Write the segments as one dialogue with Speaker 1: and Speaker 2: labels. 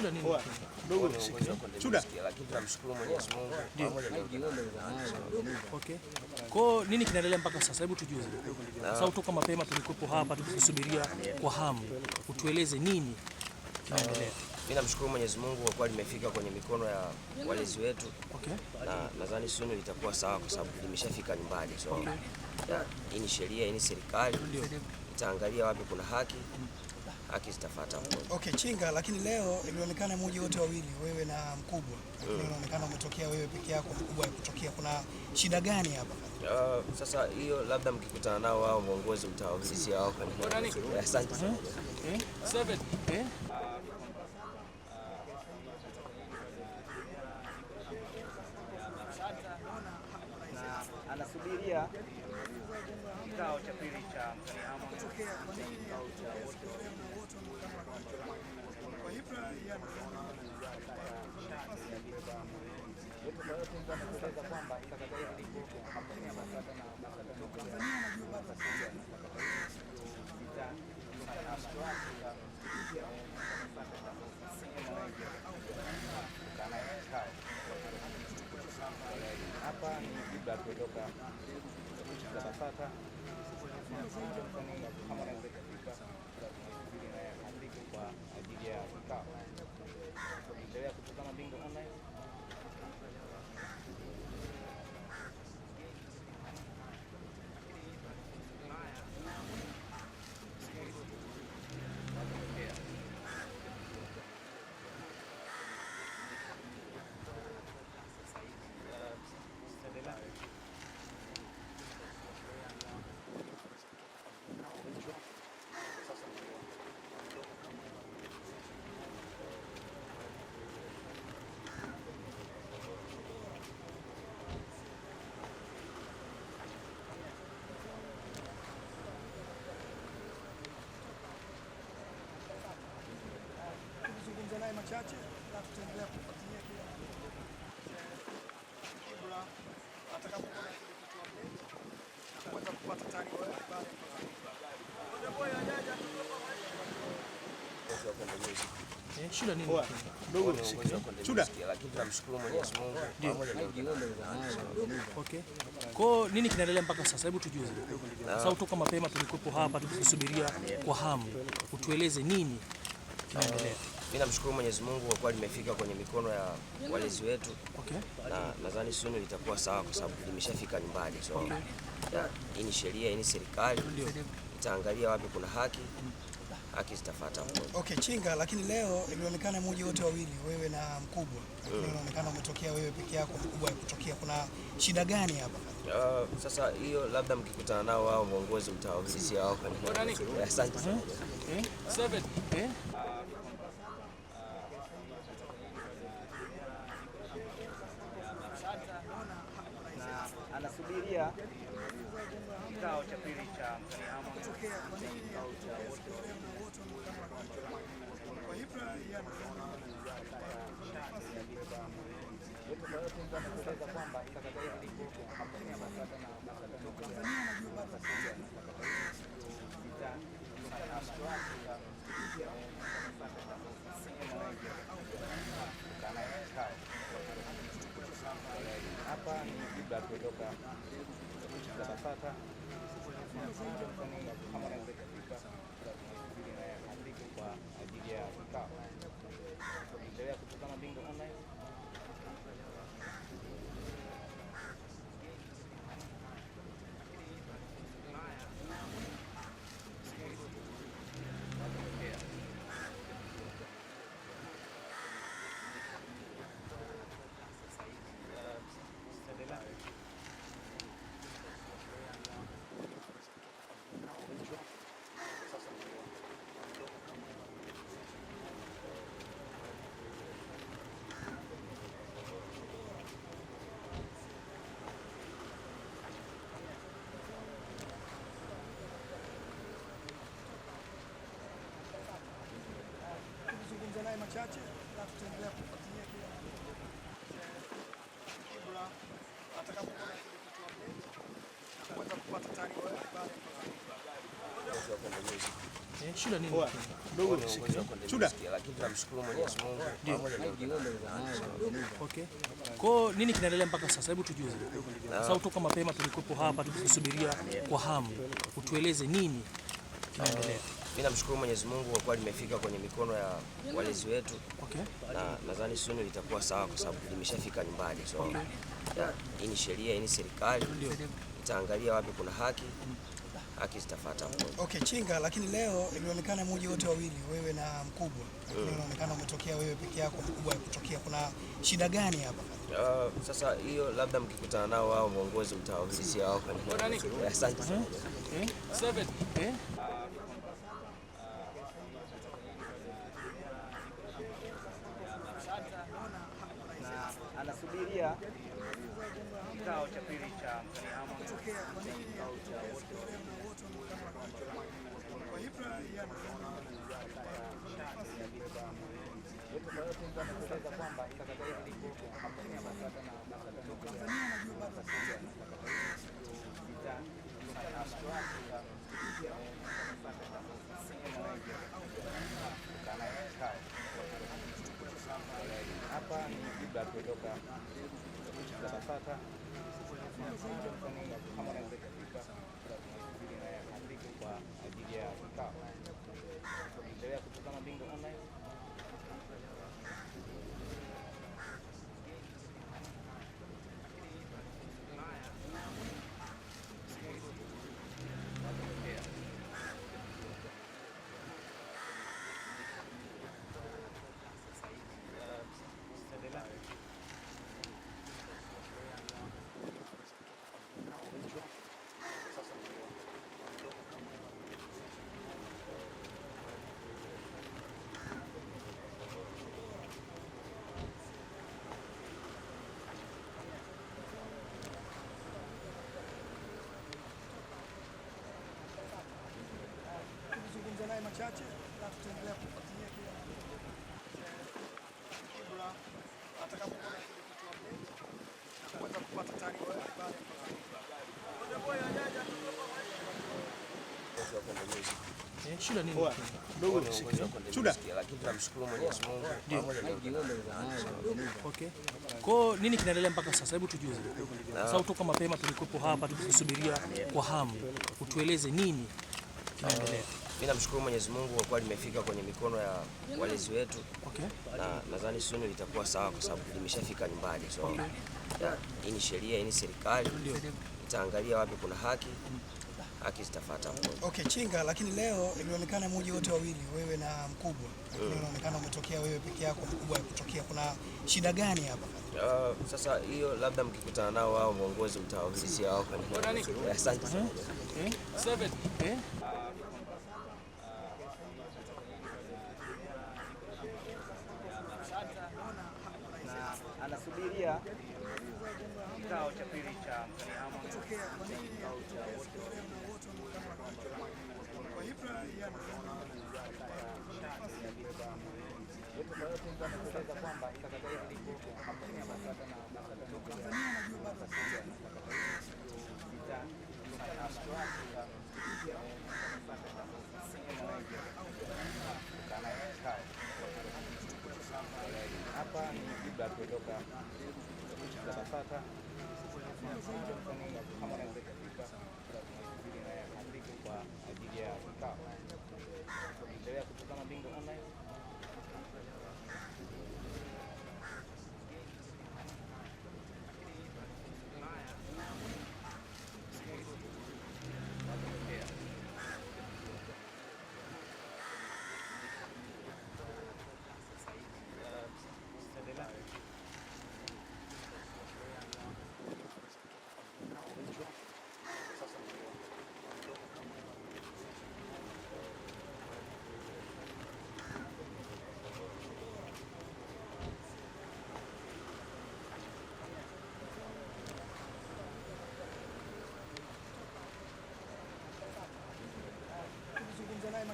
Speaker 1: shida nini? Dogo shida. Lakini tunamshukuru Mwenyezi Mungu Okay. Kwa nini kinaendelea mpaka sasa? Hebu tujuze. Sasa utoka mapema tulikuwepo hapa tukisubiria kwa hamu. Utueleze nini
Speaker 2: kinaendelea? Mimi namshukuru Mwenyezi Mungu kwa kuwa limefika kwenye mikono ya walezi wetu. Okay. Na nadhani suni litakuwa sawa kwa sababu limeshafika nyumbani. So, hii ni sheria, hii ni serikali. Itaangalia wapi kuna haki akistafata mmoja. Okay,
Speaker 1: Chinga, lakini leo ilionekana mmoja wote wawili wewe na mkubwa. Lakini mm. inaonekana mm, umetokea wewe peke yako, mkubwa hakutokea. Kuna shida
Speaker 2: gani hapa? Uh, sasa hiyo labda mkikutana nao wao viongozi mtawafisia wao.
Speaker 1: Asante. Eh? Eh? kikao cha pili cha mkanihama hapa ni ibla kutoka Thank you. chache na tutaendelea kufuatilia Ibra atakapokuwa na kupata taarifa eh, nini? kinaendelea mpaka sasa? Hebu tujue. Ah. Sasa toka mapema tulikuwepo hapa tukisubiria kwa hamu. Utueleze nini kinaendelea?
Speaker 2: Mimi namshukuru Mwenyezi Mungu kwa kuwa limefika kwenye mikono ya walezi wetu okay. Na nadhani suni litakuwa sawa kwa sababu limeshafika nyumbani so, Hii ni sheria, hii ni serikali itaangalia wapi kuna haki, haki zitafuata. Okay, Chinga, lakini
Speaker 1: leo ilionekana mmoja wote wawili wewe na mkubwa mm. Inaonekana umetokea wewe peke yako, mkubwa kutokea. Kuna shida gani hapa?
Speaker 2: Uh, sasa hiyo labda mkikutana nao wao viongozi mtawaulizia wao. Asante sana. Eh? Eh? Eh? kikao cha pili cha msamiamo cha kikao cha wote hapa ni jibla kutoka 啥啥。
Speaker 1: machache na tutaendelea kufuatilia kila atakapokuwa na kitu kuweza kupata taarifa eh, nini? nini kinaendelea mpaka sasa? Hebu tujuze. Sasa utoka mapema tulikuwepo hapa tukisubiria kwa hamu. Utueleze nini kinaendelea?
Speaker 2: Mimi namshukuru Mwenyezi Mungu kwa kuwa limefika kwenye mikono ya walezi wetu okay. Na nadhani suni litakuwa sawa kwa sababu limeshafika nyumbani so, okay. Hii ni sheria, hii ni serikali itaangalia wapi kuna haki, haki zitafuata. Okay, Chinga, lakini
Speaker 1: leo ilionekana muji wote wawili wewe na mkubwa, lakini mm. Inaonekana umetokea wewe peke yako, mkubwa hakutokea. Kuna shida gani hapa?
Speaker 2: Uh, sasa hiyo labda mkikutana nao wao viongozi mtawaulizia wao. Asante eh? Eh? sana. kikao cha pili cha msanii kikao cha wote kwamba sasa kutoka Basata
Speaker 1: machache na tutaendelea kufuatilia Ibra atakapokuwa kuweza kupata taarifa ko eh, nini kinaendelea mpaka sasa, hebu tujuze. Ah. Sasa toka mapema tulikuwepo hapa tukisubiria kwa hamu, utueleze nini kinaendelea. Mimi
Speaker 2: namshukuru Mwenyezi Mungu kwa kuwa limefika kwenye mikono ya walezi wetu okay. Na nadhani suni litakuwa sawa kwa sababu limeshafika nyumbani so, yeah, hii ni sheria, hii ni serikali itaangalia wapi kuna haki, haki zitafuata. Okay, Chinga, lakini leo
Speaker 1: ilionekana mmoja wote wawili wewe na mkubwa Lakini mm. Inaonekana umetokea wewe peke yako, mkubwa kutokea. Kuna shida gani hapa? Uh,
Speaker 2: sasa hiyo labda mkikutana nao wao viongozi mtawaulizia wao. Asante. Eh? Eh? kuhudhuria kikao cha pili cha mkutano kuondoka BASATA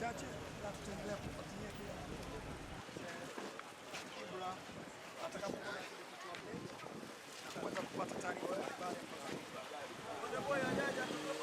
Speaker 2: chache na tutaendelea kufuatilia kila Kibra atakapokuwa kutoa mbele na kuweza kupata taarifa mbalimbali.